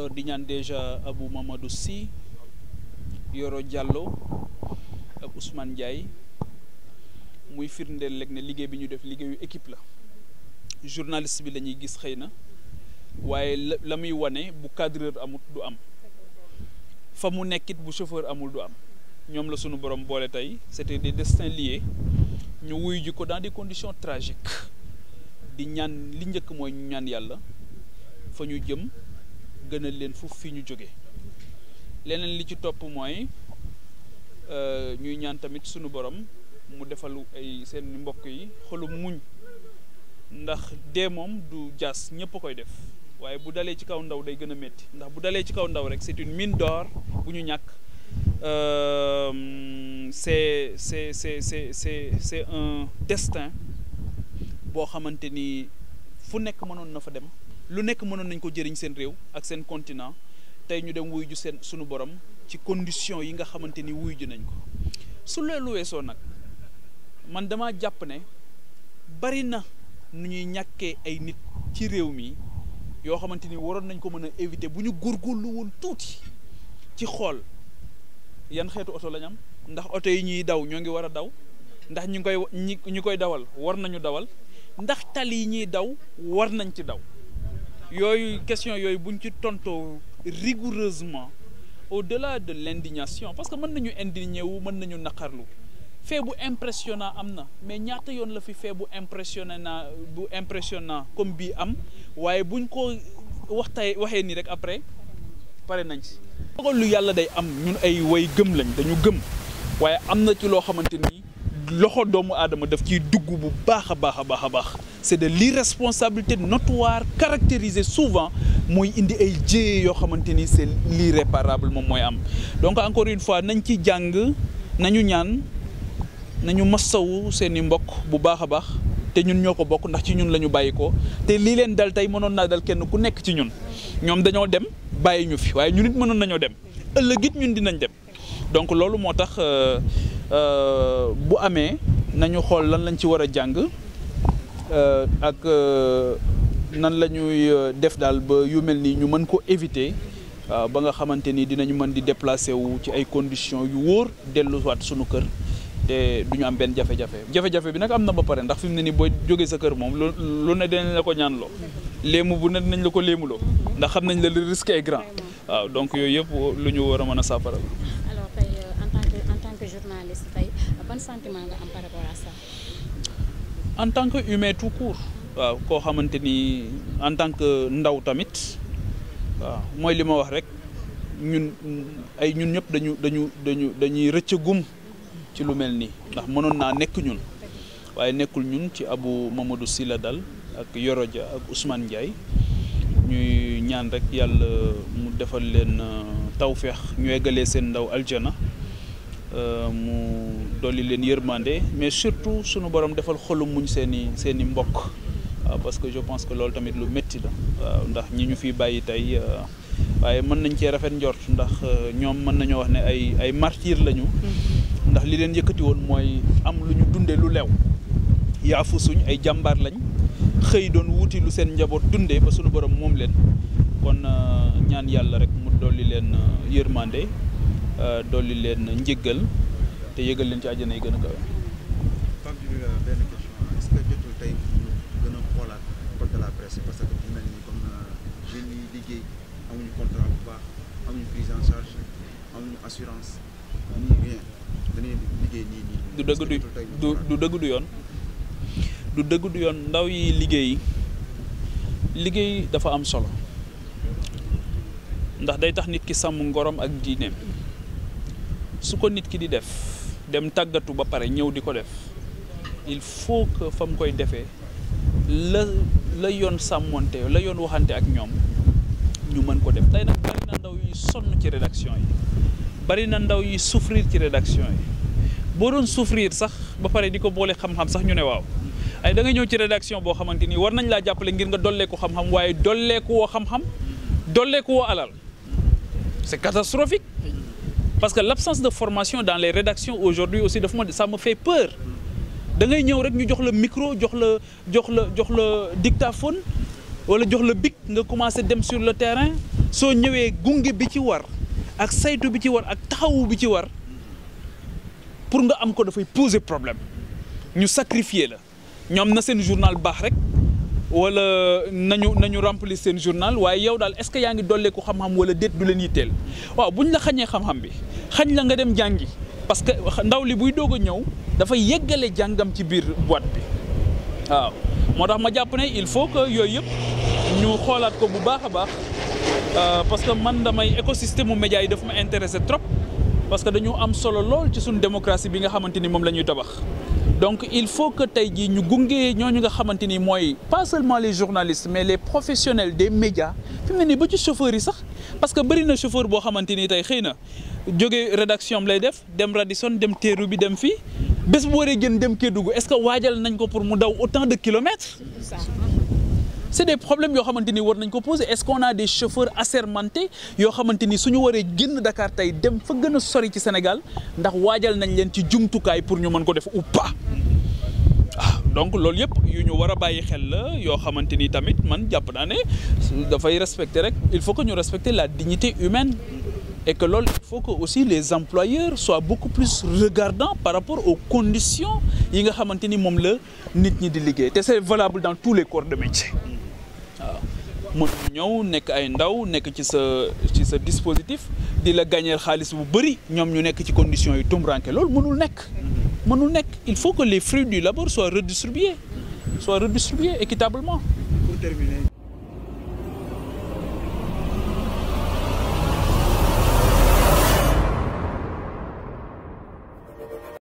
alors di ñaan déjà Abou Mamadou Sy Yoro Diallo ak Ousmane Ndiaye muy firndeel rek ne liggéey bi ñu def liggéeyu équipe la journaliste bi la ñuy gis xëy na waaye la muy wane bu cadreur amul du am fa mu nekkit bu chauffeur amul du am ñoom la sunu borom boole tey c'était des destins liés ñu wuyu ji ko dans des condition tragiques di ñaan li njëkk mooy ñu ñaan yàlla fa ñu jëm gënal leen fu fi ñu jóge leneen li ci topp mooy euh, ñuy ñaan tamit sunu borom mu defalu ay seen mbokk yi xolu muñ ndax dee moom du jaas ñëpp koy def waaye bu dalee ci kaw ndaw day gën a métti ndax bu dalee ci kaw ndaw rek c'est une mine d'or bu ñu ñàkk euh, c'est c'est c'est c'est c'est un destin boo xamante ni fu nekk mënoon na fa dem lu nekk mënoon nañ ko jëriñ seen réew ak seen continent tey ñu dem wuy ju seen sunu borom ci condition yi nga xamante ni wuy ju nañ ko su lu weesoo nag man dama jàpp ne bari na nu ñuy ñàkkee ay nit ci réew mi yoo xamante ni waroon nañ ko mën a éviter bu ñu góorgóorlu woon tuuti ci xool yan xeetu oto lañ am ndax oto yi ñuy daw ñoo ngi war a daw ndax ñu koy ñi ñu koy dawal war nañu dawal ndax tali yi ñuy daw war nañ ci daw yooyu question yooyu buñ ci tontoo rigoureusement au-delà de l'indignation parce que mën nañu indigné wu mën nañu naqarlu fait bu impressionnant am na mais ñaata yoon la fi fait bu impressionnant bu impressionnant comme bii am waaye buñ ko waxtay waxee nii rek après pare nañ ci. dogal yàlla day am ñun ay way gëm lañ dañu gëm waaye am na ci loo xamante ni. loxo c'est de l'irresponsabilité notoire caractérisée souvent moy indi ay c'est l'irréparable donc encore une fois nañ ci jang nañu ñaan nañu masawu seen mbokk bu baax ñun ñoko bokk ndax ci ñun lañu bayiko leen dal dal kenn ku nekk ci ñun dem bayyi ñu fi waye ñun it mënon dem ñun dinañ dem donc bu amee nañu xool lan lañ ci war a jàng euh, ak euh, nan la ñuy euh, def daal ba yu mel nii ñu mën ko éviter ba nga xamante ni dinañu mën di déplacer wu ci ay conditions yu wóor delluwaat sunu kër te du ñu am benn jafe-jafe jafe bi nag am na ba pare ndax fi mu ne nii booy jógee sa kër moom lu ne dinañ la ko ñaanloo léemu bu ne dinañ la ko léemuloo ndax xam nañ la le risque est grand waaw donc yooyu yëpp lu ñu war a mën a saafara ban en tant que humain tout court. waaw koo xamante ni en tant que ndaw tamit waaw mooy li ma wax rek ñun ay ñun ñëpp dañu dañu dañu dañuy rëccagum ci lu mel nii ndax mënoon naa nekk ñun waaye nekkul ñun ci abu Mamadou Sylla dal ak Yoro Dia ak Ousmane Ndiaye ñuy ñaan rek yàlla mu defal leen euh, tawféex ñu eggalee seen ndaw aljana euh, mu. dolli leen yërmande mais surtout sunu borom defal xolu muñ seen i seen i mbokk ah, parce que je pense que loolu tamit lu métti la ah, ndax ñi ñu fi bàyyi tey ah, waaye mën nañ cee rafet njort ndax ñoom mën nañoo wax ne ay ay martyr lañu. ndax li leen yëkkati woon mooy am lu ñu dundee lu leew yaafu suñ ay jàmbaar lañ xëy doon wuti lu seen njaboot dundee ba sunu borom moom leen kon ñaan yàlla rek mu dolli leen yërmande dolli leen njëggal te yëgal leen ci àjjana euh, xoolaat code que euh, liggéey amuñu contrat bu en charge amuñu assurance amuñu rien dañuy liggéey du dëgg du du dëgg du yoon. du dëgg du yoon ndaw yi liggéey liggéey dafa am solo ndax day tax nit ki sàmm ngorom ak diineem su ko nit ki di def. dem il faut que les femmes koy la le waxante ak ñom ñu mën ko def bari na ndaw sonn ci rédaction yi bari na ndaw souffrir ci rédaction yi bo souffrir sax ba pare diko bolé xam-xam sax ne waaw ay da nga ñew ci rédaction bo xamanteni war nañ la jappalé ngir nga ko xam-xam alal c'est catastrophique parce que l'absence de formation dans les rédactions aujourd'hui aussi, ça me fait peur. da ngay nous rek le micro jox le dictaphone ou jox le bic nga à dem sur le terrain Si avons gunge bi ci war ak saytu bi pour nga am ko problèmes. poser problème nous sacrifier la avons na seen journal Bahrek. wala nañu nañu remplir seen journal waaye yow daal est-ce que yaa ngi dolleeku xam-xam wala déet du leen yitteel waaw bu ñu la xañee xam-xam bi xañ la nga dem jàngi parce que ndaw li buy doog a ñëw dafa yeggale jàngam ci biir boîte bi waaw moo tax ma jàpp ne il faut que yooyu yëpp ñu xoolaat ko bu baax a baax euh, parce que man damay écosystème mu média yi daf ma intéressé trop parce que dañu am solo lool ci suñu démocratie bi nga xamante ni moom la ñuy tabax donc il faut que tayji jii ñu gunge ñooñu nga xamante ni pas seulement les journalistes mais les professionnels des médias fi mu ne ba ci chauffeurs yi sax parce que bari na chauffeur bo xamanteni tay xeyna joggé rédaction am lay def dem Radisson dem téeru bi dem fi. bés bu wéré gën dem Kédougou est-ce que wadjal nañ ko pour mu daw autant de kilomètres c'est des problèmes yo xamanteni war nañ ko poser est-ce qu'on a des chauffeurs assermentés yo xamanteni suñu waree génn Dakar tay dem fa gën sori ci Sénégal ndax Wajal nañ len ci jumtukaay pour ñu mën ko def ou pas ah, donc lool yëpp yu ñu wara bayyi xel la yo xamanteni tamit man jàpp naa da fay respecter rek il faut que ñu respecter la dignité humaine et que loolu il faut que aussi les employeurs soient beaucoup plus regardants par rapport aux conditions yi nga xamanteni mom moom la nit ñi di liggéey c'est valable dans tous les corps de métier mën ñëw nekk ay ndaw nekk ci sa ci sa dispositif di la gagner xaalis bu bëri ñoom ñu nekk ci condition yu tumranke loolu mënul nekk mënul nekk il faut que les fruits du labeur soient redistribués soient redistribués équitablement pour terminer